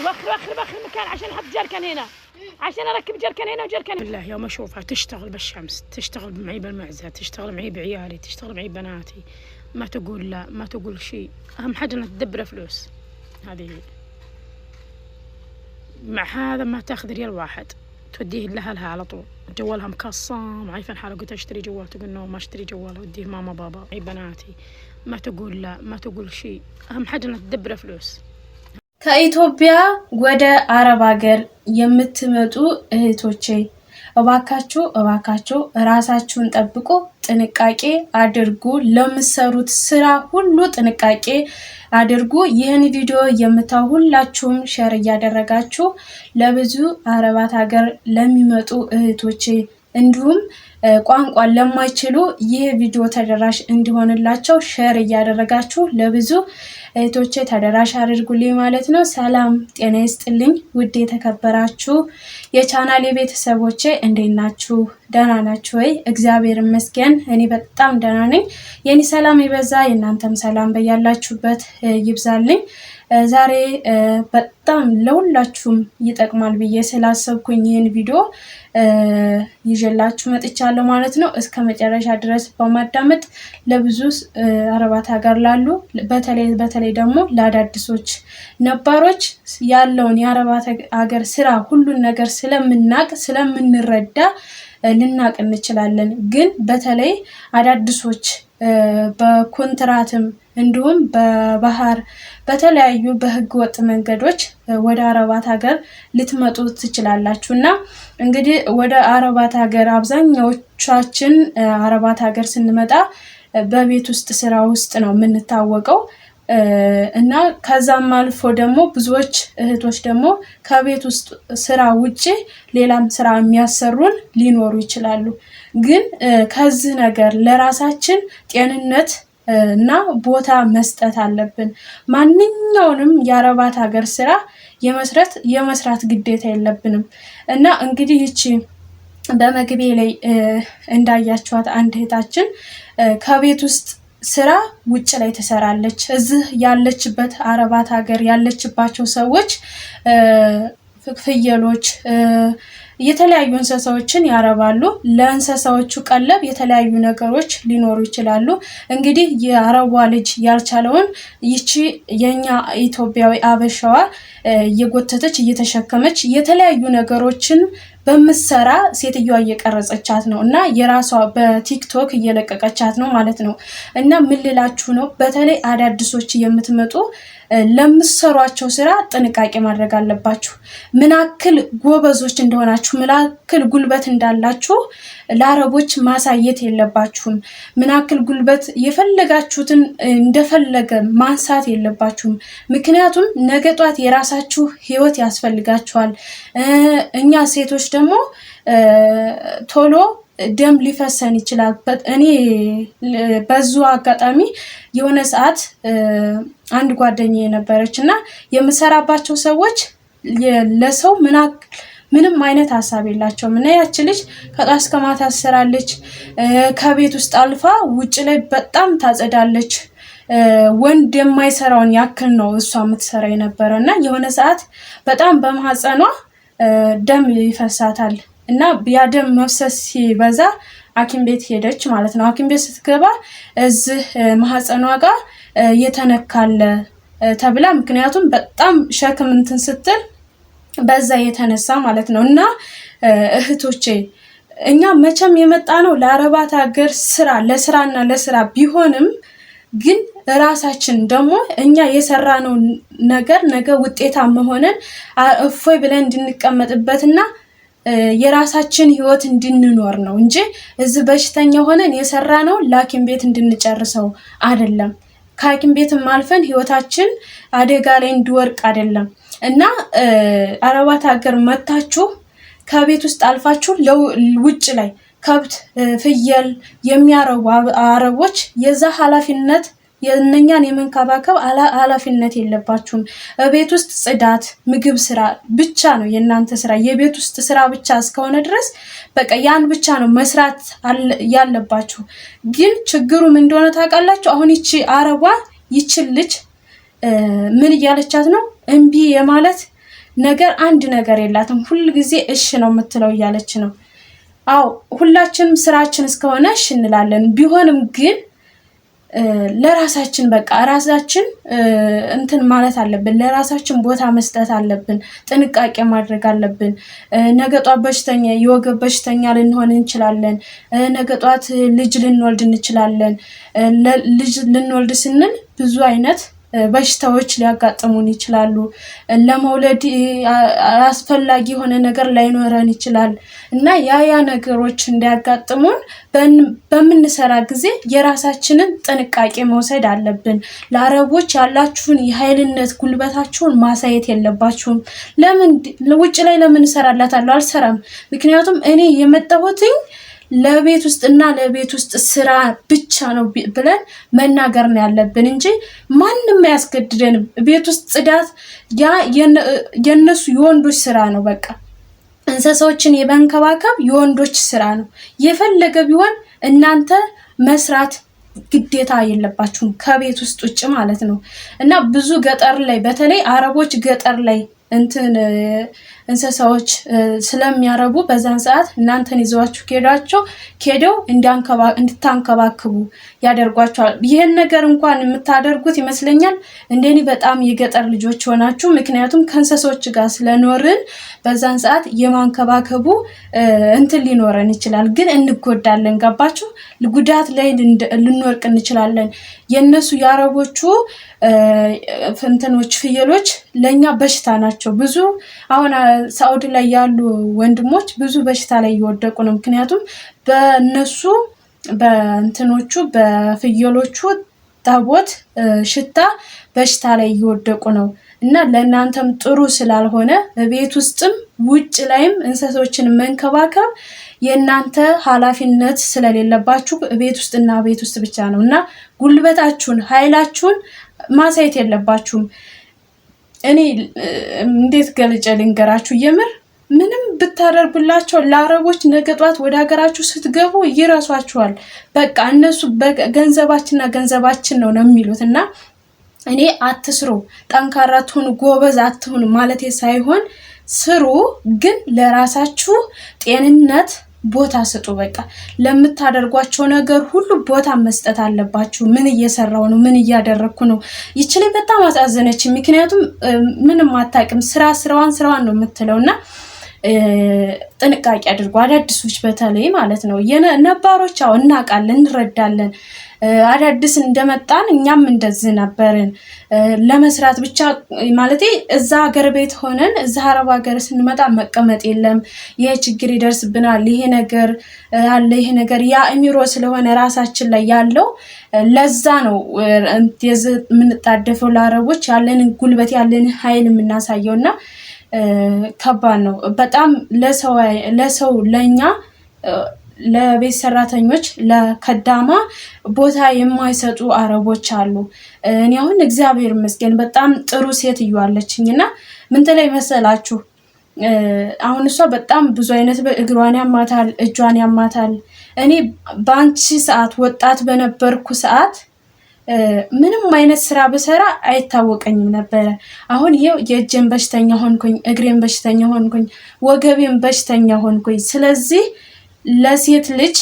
وخر وخر بخر مكان عشان احط جركن هنا عشان اركب جركن هنا وجركن هنا بالله يوم اشوفها تشتغل بالشمس تشتغل معي بالمعزه تشتغل معي بعيالي تشتغل معي بناتي ما تقول لا ما تقول شيء اهم حاجه انها تدبر فلوس هذه مع هذا ما تاخذ ريال واحد توديه لأهلها على طول جوالها مكصام عارفه الحالة قلت اشتري جوال تقول نو ما اشتري جوال وديه ماما بابا اي بناتي ما تقول لا ما تقول شيء اهم حاجة انها تدبر فلوس ከኢትዮጵያ ወደ አረብ ሀገር የምትመጡ እህቶቼ እባካችሁ እባካችሁ ራሳችሁን ጠብቁ፣ ጥንቃቄ አድርጉ። ለምሰሩት ስራ ሁሉ ጥንቃቄ አድርጉ። ይህን ቪዲዮ የምታው ሁላችሁም ሸር እያደረጋችሁ ለብዙ አረባት ሀገር ለሚመጡ እህቶቼ እንዲሁም ቋንቋን ለማይችሉ ይህ ቪዲዮ ተደራሽ እንዲሆንላቸው ሼር እያደረጋችሁ ለብዙ እህቶቼ ተደራሽ አድርጉልኝ ማለት ነው። ሰላም ጤና ይስጥልኝ ውድ የተከበራችሁ የቻናሌ የቤተሰቦቼ እንዴት ናችሁ? ደህና ናችሁ ወይ? እግዚአብሔር ይመስገን እኔ በጣም ደህና ነኝ። የኔ ሰላም ይበዛ፣ የእናንተም ሰላም በያላችሁበት ይብዛልኝ። ዛሬ በጣም ለሁላችሁም ይጠቅማል ብዬ ስላሰብኩኝ ይህን ቪዲዮ ይዤላችሁ መጥቻለሁ ማለት ነው። እስከ መጨረሻ ድረስ በማዳመጥ ለብዙ አረባት ሀገር ላሉ በተለይ በተለይ ደግሞ ለአዳዲሶች ነባሮች ያለውን የአረባት ሀገር ስራ ሁሉን ነገር ስለምናቅ ስለምንረዳ ልናቅ እንችላለን። ግን በተለይ አዳዲሶች በኮንትራትም እንዲሁም በባህር በተለያዩ በህገ ወጥ መንገዶች ወደ አረባት ሀገር ልትመጡ ትችላላችሁ እና እንግዲህ ወደ አረባት ሀገር አብዛኛዎቻችን አረባት ሀገር ስንመጣ በቤት ውስጥ ስራ ውስጥ ነው የምንታወቀው እና ከዛም አልፎ ደግሞ ብዙዎች እህቶች ደግሞ ከቤት ውስጥ ስራ ውጭ ሌላም ስራ የሚያሰሩን ሊኖሩ ይችላሉ። ግን ከዚህ ነገር ለራሳችን ጤንነት እና ቦታ መስጠት አለብን። ማንኛውንም የአረባት ሀገር ስራ የመስረት የመስራት ግዴታ የለብንም እና እንግዲህ ይቺ በመግቤ ላይ እንዳያችኋት አንድ እህታችን ከቤት ውስጥ ስራ ውጭ ላይ ትሰራለች። እዚህ ያለችበት አረባት ሀገር ያለችባቸው ሰዎች ፍየሎች የተለያዩ እንስሳዎችን ያረባሉ። ለእንስሳዎቹ ቀለብ የተለያዩ ነገሮች ሊኖሩ ይችላሉ። እንግዲህ የአረቧ ልጅ ያልቻለውን ይቺ የኛ ኢትዮጵያዊ አበሻዋ እየጎተተች እየተሸከመች የተለያዩ ነገሮችን በምትሰራ ሴትዮዋ እየቀረጸቻት ነው እና የራሷ በቲክቶክ እየለቀቀቻት ነው ማለት ነው። እና ምን ልላችሁ ነው፣ በተለይ አዳዲሶች የምትመጡ ለምትሰሯቸው ስራ ጥንቃቄ ማድረግ አለባችሁ። ምናክል ጎበዞች እንደሆናችሁ፣ ምናክል ጉልበት እንዳላችሁ ለአረቦች ማሳየት የለባችሁም። ምናክል ጉልበት የፈለጋችሁትን እንደፈለገ ማንሳት የለባችሁም። ምክንያቱም ነገ ጧት የራሳችሁ ህይወት ያስፈልጋችኋል። እኛ ሴቶች ደግሞ ቶሎ ደም ሊፈሰን ይችላል። እኔ በዙ አጋጣሚ የሆነ ሰዓት አንድ ጓደኛ የነበረች እና የምሰራባቸው ሰዎች ለሰው ምናክል ምንም አይነት ሀሳብ የላቸውም። እና ያች ልጅ ከቃ እስከ ማታ ትሰራለች። ከቤት ውስጥ አልፋ ውጭ ላይ በጣም ታጸዳለች። ወንድ የማይሰራውን ያክል ነው እሷ የምትሰራ የነበረ እና የሆነ ሰዓት በጣም በማህፀኗ ደም ይፈሳታል እና ያ ደም መፍሰስ ሲበዛ ሐኪም ቤት ሄደች ማለት ነው። ሐኪም ቤት ስትገባ እዚህ ማህፀኗ ጋር የተነካለ ተብላ ምክንያቱም በጣም ሸክም እንትን ስትል በዛ የተነሳ ማለት ነው እና እህቶቼ እኛ መቼም የመጣ ነው ለአረባት ሀገር ስራ ለስራና ለስራ ቢሆንም ግን ራሳችን ደግሞ እኛ የሰራነው ነገር ነገ ውጤታማ ሆነን እፎይ ብለን እንድንቀመጥበትና የራሳችን ህይወት እንድንኖር ነው እንጂ እዚህ በሽተኛ ሆነን የሰራነው ላኪም ቤት እንድንጨርሰው አይደለም። ከሐኪም ቤትም አልፈን ህይወታችን አደጋ ላይ እንዲወርቅ አይደለም እና አረባት ሀገር መታችሁ ከቤት ውስጥ አልፋችሁ ውጭ ላይ ከብት ፍየል የሚያረቡ አረቦች የዛ ኃላፊነት የእነኛን የመንከባከብ ኃላፊነት የለባችሁም። ቤት ውስጥ ጽዳት፣ ምግብ ስራ ብቻ ነው የእናንተ ስራ። የቤት ውስጥ ስራ ብቻ እስከሆነ ድረስ በቃ ያን ብቻ ነው መስራት ያለባችሁ። ግን ችግሩ ምን እንደሆነ ታውቃላችሁ? አሁን ይቺ አረቧ ይችን ልጅ ምን እያለቻት ነው? እምቢ የማለት ነገር አንድ ነገር የላትም። ሁል ጊዜ እሽ ነው የምትለው እያለች ነው። አዎ ሁላችንም ስራችን እስከሆነ እሽ እንላለን። ቢሆንም ግን ለራሳችን በቃ ራሳችን እንትን ማለት አለብን። ለራሳችን ቦታ መስጠት አለብን። ጥንቃቄ ማድረግ አለብን። ነገ ጧት በሽተኛ የወገብ በሽተኛ ልንሆን እንችላለን። ነገ ጧት ልጅ ልንወልድ እንችላለን። ልጅ ልንወልድ ስንል ብዙ አይነት በሽታዎች ሊያጋጥሙን ይችላሉ። ለመውለድ አስፈላጊ የሆነ ነገር ላይኖረን ይችላል እና ያ ያ ነገሮች እንዳያጋጥሙን በምንሰራ ጊዜ የራሳችንን ጥንቃቄ መውሰድ አለብን። ለአረቦች ያላችሁን የኃይልነት ጉልበታችሁን ማሳየት የለባችሁም። ለምን ውጭ ላይ ለምን እሰራላታለሁ? አልሰራም። ምክንያቱም እኔ የመጣሁትኝ ለቤት ውስጥ እና ለቤት ውስጥ ስራ ብቻ ነው ብለን መናገር ነው ያለብን እንጂ ማንም አያስገድደንም። ቤት ውስጥ ጽዳት ያ የነሱ የወንዶች ስራ ነው። በቃ እንስሳዎችን የመንከባከብ የወንዶች ስራ ነው። የፈለገ ቢሆን እናንተ መስራት ግዴታ የለባችሁም ከቤት ውስጥ ውጭ ማለት ነው። እና ብዙ ገጠር ላይ በተለይ አረቦች ገጠር ላይ እንትን እንስሳዎች ስለሚያረቡ በዛን ሰዓት እናንተን ይዘዋችሁ ከሄዳቸው ከሄደው እንድታንከባክቡ ያደርጓቸዋል። ይህን ነገር እንኳን የምታደርጉት ይመስለኛል እንደኔ በጣም የገጠር ልጆች ሆናችሁ፣ ምክንያቱም ከእንስሶች ጋር ስለኖርን በዛን ሰዓት የማንከባከቡ እንትን ሊኖረን ይችላል። ግን እንጎዳለን። ገባችሁ? ጉዳት ላይ ልንወርቅ እንችላለን። የእነሱ የአረቦቹ ፍንትኖች ፍየሎች ለእኛ በሽታ ናቸው ብዙ አሁን ሳዑዲ ላይ ያሉ ወንድሞች ብዙ በሽታ ላይ እየወደቁ ነው። ምክንያቱም በነሱ በእንትኖቹ በፍየሎቹ ታቦት ሽታ በሽታ ላይ እየወደቁ ነው እና ለእናንተም ጥሩ ስላልሆነ በቤት ውስጥም ውጭ ላይም እንስሶችን መንከባከብ የእናንተ ኃላፊነት ስለሌለባችሁ ቤት ውስጥ እና ቤት ውስጥ ብቻ ነው እና ጉልበታችሁን ኃይላችሁን ማሳየት የለባችሁም። እኔ እንዴት ገልጨ ልንገራችሁ? የምር ምንም ብታደርጉላቸው ለአረቦች ነገ ጧት ወደ ሀገራችሁ ስትገቡ ይረሷችኋል። በቃ እነሱ ገንዘባችንና ገንዘባችን ነው ነው የሚሉት እና እኔ አትስሩ፣ ጠንካራ አትሁኑ፣ ጎበዝ አትሁኑ ማለቴ ሳይሆን ስሩ፣ ግን ለራሳችሁ ጤንነት ቦታ ስጡ። በቃ ለምታደርጓቸው ነገር ሁሉ ቦታ መስጠት አለባችሁ። ምን እየሰራው ነው? ምን እያደረግኩ ነው? ይችላይ በጣም አሳዘነች። ምክንያቱም ምንም አታውቅም። ስራ ስራዋን ስራዋን ነው የምትለው እና ጥንቃቄ አድርጉ አዳዲሶች በተለይ ማለት ነው። ነባሮች ያው እናውቃለን፣ እንረዳለን። አዳዲስ እንደመጣን እኛም እንደዚህ ነበርን። ለመስራት ብቻ ማለት እዛ ሀገር ቤት ሆነን እዛ አረብ ሀገር ስንመጣ መቀመጥ የለም ይሄ ችግር ይደርስብናል፣ ይሄ ነገር አለ፣ ይሄ ነገር ያ አእምሮ ስለሆነ ራሳችን ላይ ያለው ለዛ ነው የምንጣደፈው። ለአረቦች ያለንን ጉልበት ያለንን ኃይል የምናሳየው እና ከባድ ነው በጣም ለሰው ለእኛ ለቤት ሰራተኞች ለከዳማ ቦታ የማይሰጡ አረቦች አሉ። እኔ አሁን እግዚአብሔር ይመስገን በጣም ጥሩ ሴት እያለችኝ እና ምን ትለኝ መሰላችሁ? አሁን እሷ በጣም ብዙ አይነት እግሯን ያማታል፣ እጇን ያማታል። እኔ በአንቺ ሰዓት ወጣት በነበርኩ ሰዓት ምንም አይነት ስራ ብሰራ አይታወቀኝም ነበረ። አሁን ይኸው የእጄን በሽተኛ ሆንኩኝ፣ እግሬን በሽተኛ ሆንኩኝ፣ ወገቤን በሽተኛ ሆንኩኝ። ስለዚህ ለሴት ልጅ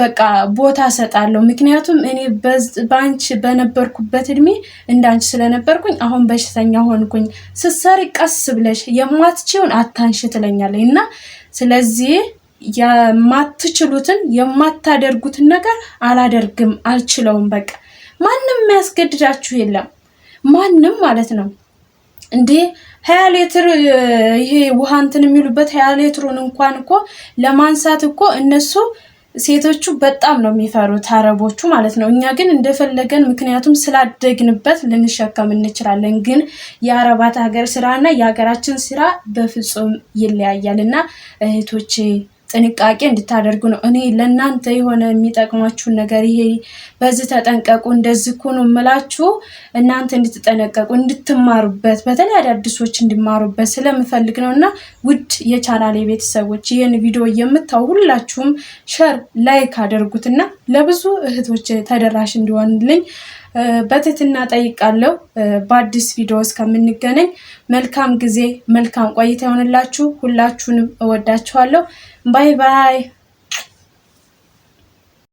በቃ ቦታ ሰጣለሁ። ምክንያቱም እኔ በአንቺ በነበርኩበት እድሜ እንዳንቺ ስለነበርኩኝ አሁን በሽተኛ ሆንኩኝ። ስትሰሪ ቀስ ብለሽ የማትችውን አታንሽ ትለኛለኝ እና ስለዚህ የማትችሉትን የማታደርጉትን ነገር አላደርግም፣ አልችለውም በቃ ማንም የሚያስገድዳችሁ የለም። ማንም ማለት ነው እንዴ ሀያ ሌትር ይሄ ውሃ እንትን የሚሉበት ሀያ ሌትሩን እንኳን እኮ ለማንሳት እኮ እነሱ ሴቶቹ በጣም ነው የሚፈሩት አረቦቹ ማለት ነው። እኛ ግን እንደፈለገን ምክንያቱም ስላደግንበት ልንሸከም እንችላለን። ግን የአረባት ሀገር ስራና የሀገራችን ስራ በፍጹም ይለያያል እና እህቶቼ ጥንቃቄ እንድታደርጉ ነው። እኔ ለእናንተ የሆነ የሚጠቅማችሁን ነገር ይሄ በዚህ ተጠንቀቁ፣ እንደዚህ ኩኑ እምላችሁ እናንተ እንድትጠነቀቁ እንድትማሩበት፣ በተለይ አዳዲሶች እንዲማሩበት ስለምፈልግ ነው እና ውድ የቻናሌ ቤተሰቦች ይህን ቪዲዮ የምታው ሁላችሁም ሸር ላይክ አደርጉትና ለብዙ እህቶች ተደራሽ እንዲሆንልኝ በትህትና ጠይቃለሁ። በአዲስ ቪዲዮ እስከምንገናኝ መልካም ጊዜ፣ መልካም ቆይታ ይሆንላችሁ። ሁላችሁንም እወዳችኋለሁ። ባይ ባይ